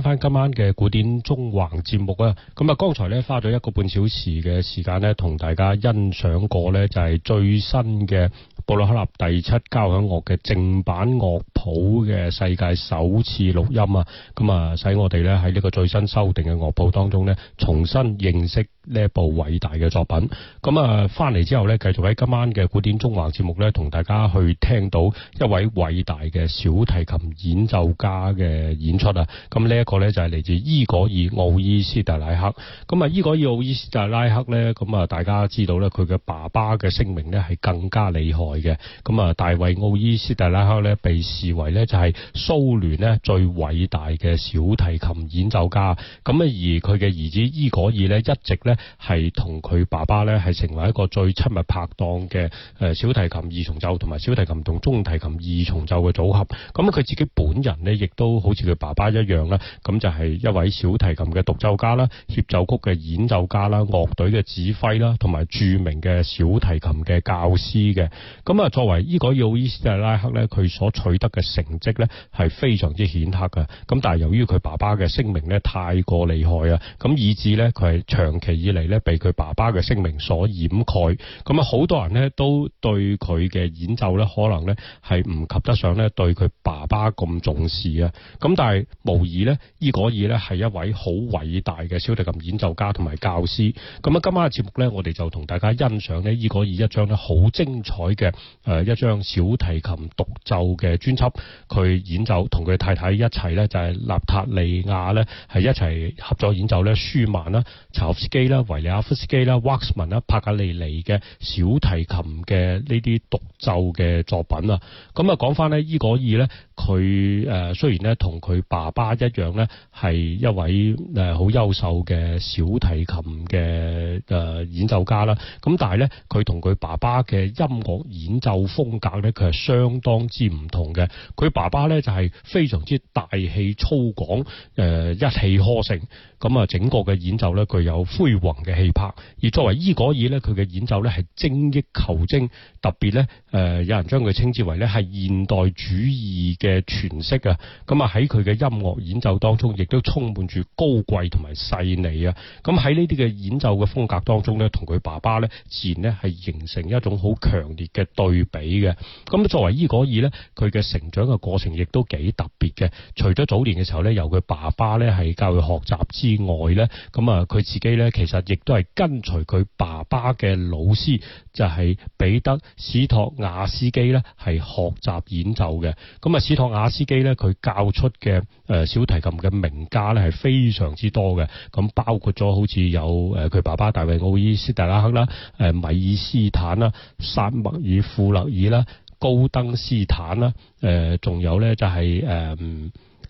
翻今晚嘅古典縱橫節目啊，咁啊剛才咧花咗一個半小時嘅時間咧，同大家欣賞過咧就係最新嘅。布洛克納第七交響樂嘅正版樂譜嘅世界首次錄音啊，咁啊，使我哋咧喺呢個最新修訂嘅樂譜當中咧，重新認識呢一部偉大嘅作品。咁啊，翻嚟之後咧，繼續喺今晚嘅古典中華節目咧，同大家去聽到一位偉大嘅小提琴演奏家嘅演出啊。咁呢一個咧就係嚟自伊戈爾奧伊斯特拉赫。咁啊，伊戈爾奧伊斯特拉赫咧，咁啊，大家知道咧，佢嘅爸爸嘅聲名咧係更加厲害。嘅咁啊，大衛奧伊斯特拉克咧被視為咧就係蘇聯咧最偉大嘅小提琴演奏家。咁啊，而佢嘅兒子伊戈爾咧一直咧係同佢爸爸咧係成為一個最親密拍檔嘅誒小提琴二重奏同埋小提琴同中提琴二重奏嘅組合。咁佢自己本人咧亦都好似佢爸爸一樣啦，咁就係一位小提琴嘅獨奏家啦、協奏曲嘅演奏家啦、樂隊嘅指揮啦，同埋著名嘅小提琴嘅教師嘅。咁啊，作為伊戈爾·奧伊斯特拉赫咧，佢所取得嘅成績咧係非常之顯赫嘅。咁但係由於佢爸爸嘅聲名咧太過厲害啊，咁以致咧佢係長期以嚟咧被佢爸爸嘅聲名所掩蓋。咁啊，好多人咧都對佢嘅演奏咧可能咧係唔及得上咧對佢爸爸咁重視啊。咁但係無疑咧，伊戈爾咧係一位好偉大嘅小提琴演奏家同埋教師。咁啊，今晚嘅節目咧，我哋就同大家欣賞咧伊戈爾一張咧好精彩嘅。誒一張小提琴獨奏嘅專輯，佢演奏同佢太太一齊咧，就係、是、納塔利亞咧，係一齊合作演奏咧舒曼啦、柴可夫斯基啦、維尼亞夫斯基啦、Waxman 啦、帕格尼尼嘅小提琴嘅呢啲獨奏嘅作品啊。咁啊，講翻呢伊果爾咧，佢誒雖然咧同佢爸爸一樣咧，係一位誒好優秀嘅小提琴嘅誒演奏家啦。咁但係咧，佢同佢爸爸嘅音樂演奏風格咧，佢係相當之唔同嘅。佢爸爸咧就係非常之大氣粗獷誒，一氣呵成。咁啊，整個嘅演奏咧，具有輝煌嘅氣魄，而作為伊戈爾咧，佢嘅演奏咧係精益求精，特別咧誒有人將佢稱之為咧係現代主義嘅詮釋啊！咁啊，喺佢嘅音樂演奏當中，亦都充滿住高貴同埋細膩啊！咁喺呢啲嘅演奏嘅風格當中咧，同佢爸爸咧自然咧係形成一種好強烈嘅對比嘅。咁作為伊戈爾咧，佢嘅成長嘅過程亦都幾特別嘅。除咗早年嘅時候咧，由佢爸爸咧係教佢學習之。以外咧，咁啊，佢自己咧，其實亦都係跟隨佢爸爸嘅老師，就係、是、彼得史托亞斯基咧，係學習演奏嘅。咁啊，史托亞斯基咧，佢教出嘅誒小提琴嘅名家咧，係非常之多嘅。咁包括咗好似有誒佢爸爸大衛奧伊斯特拉克啦，誒米爾斯坦啦，薩默爾富勒爾啦，高登斯坦啦，誒仲有咧就係、是、誒、呃、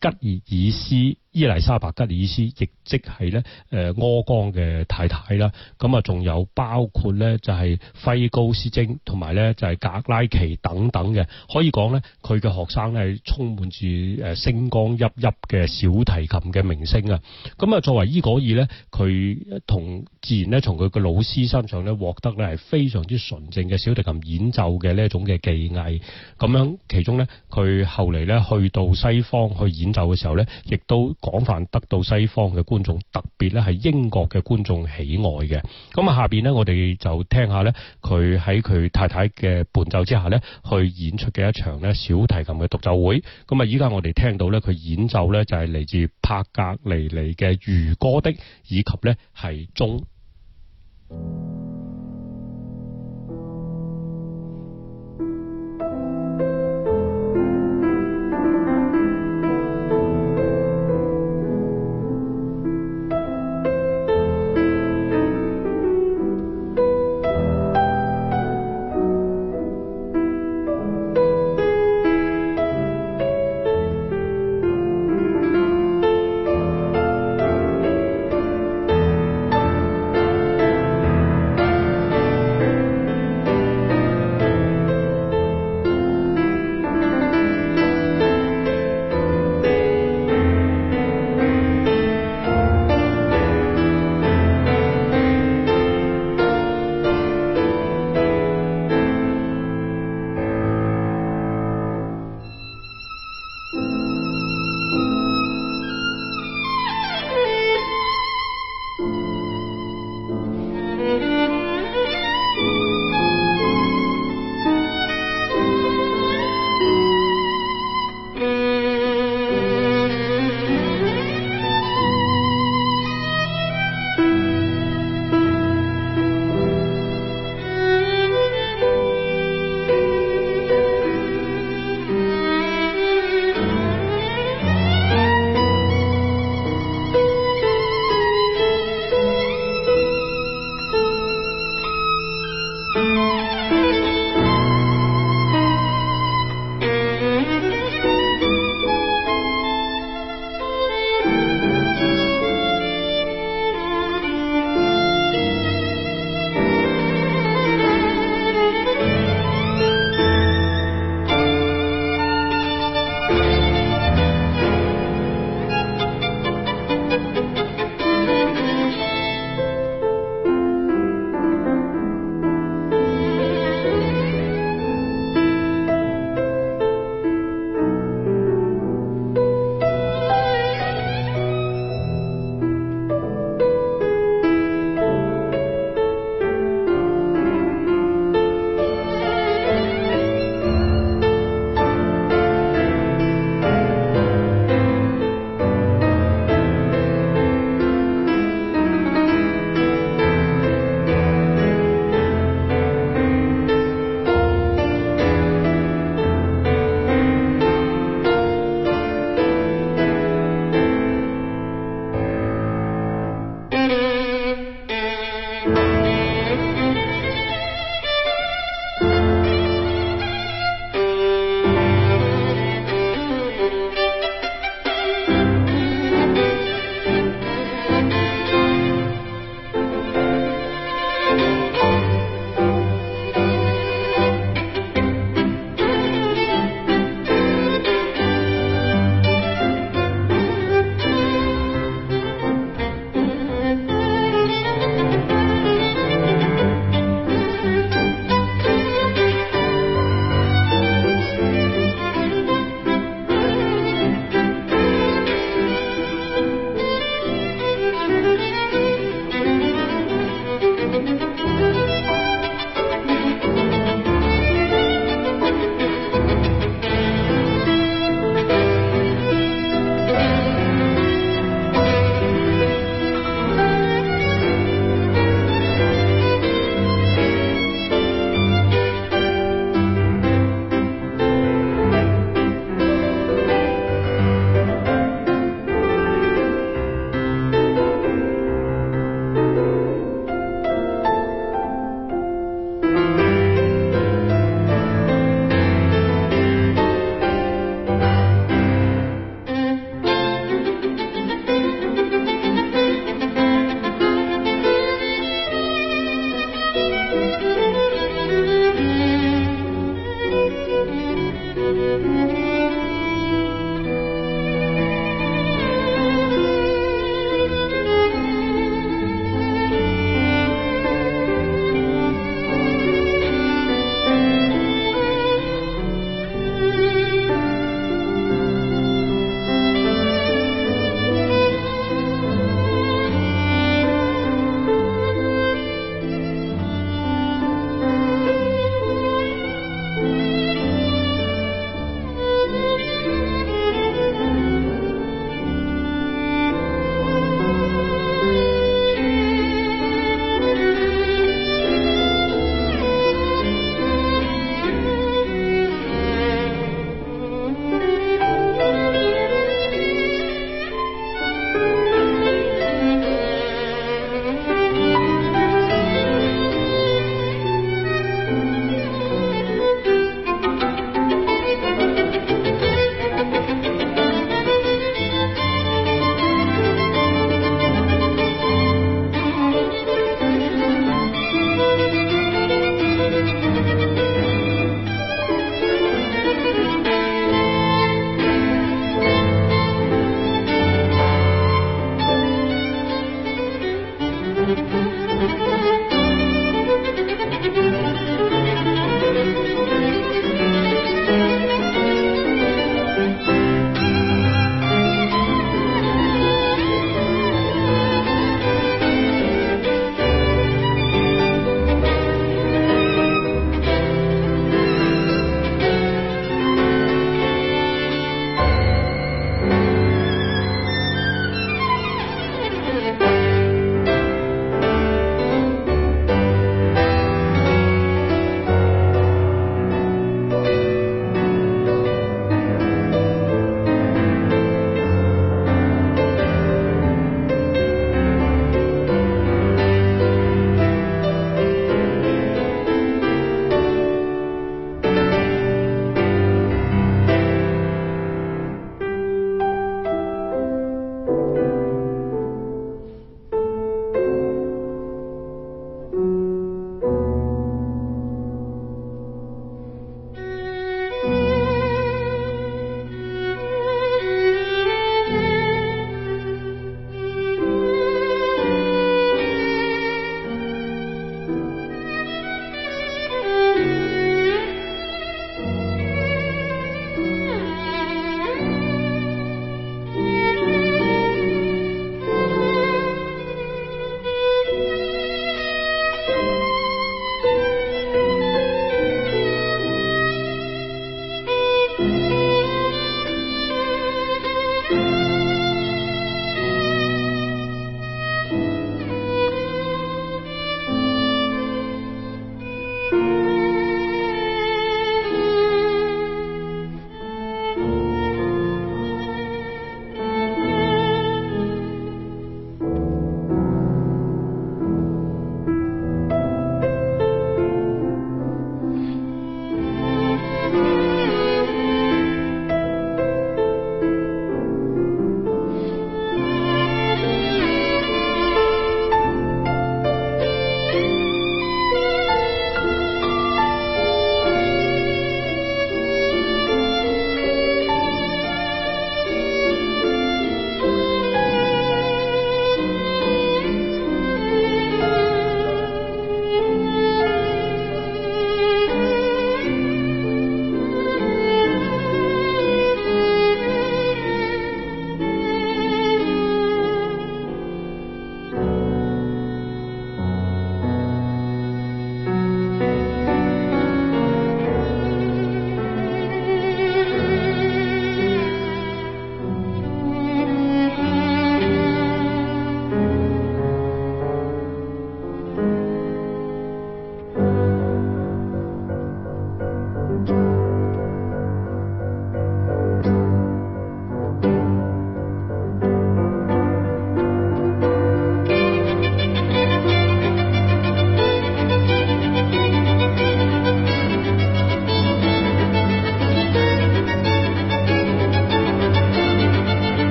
吉爾爾斯。伊麗莎白吉爾斯亦即係咧誒柯岡嘅太太啦，咁啊，仲有包括咧就係、是、輝高斯精同埋咧就係、是、格拉奇等等嘅，可以講咧佢嘅學生咧係充滿住誒星光熠熠嘅小提琴嘅明星啊！咁啊作為伊戈爾咧，佢同自然咧從佢嘅老師身上咧獲得咧係非常之純正嘅小提琴演奏嘅呢一種嘅技藝，咁、啊、樣其中咧佢後嚟咧去到西方去演奏嘅時候咧，亦都。廣泛得到西方嘅觀眾，特別咧係英國嘅觀眾喜愛嘅。咁啊，下邊呢，我哋就聽下咧，佢喺佢太太嘅伴奏之下咧，去演出嘅一場咧小提琴嘅獨奏會。咁啊，依家我哋聽到咧佢演奏咧就係嚟自帕格尼尼嘅《如歌的》，以及咧係《鐘》。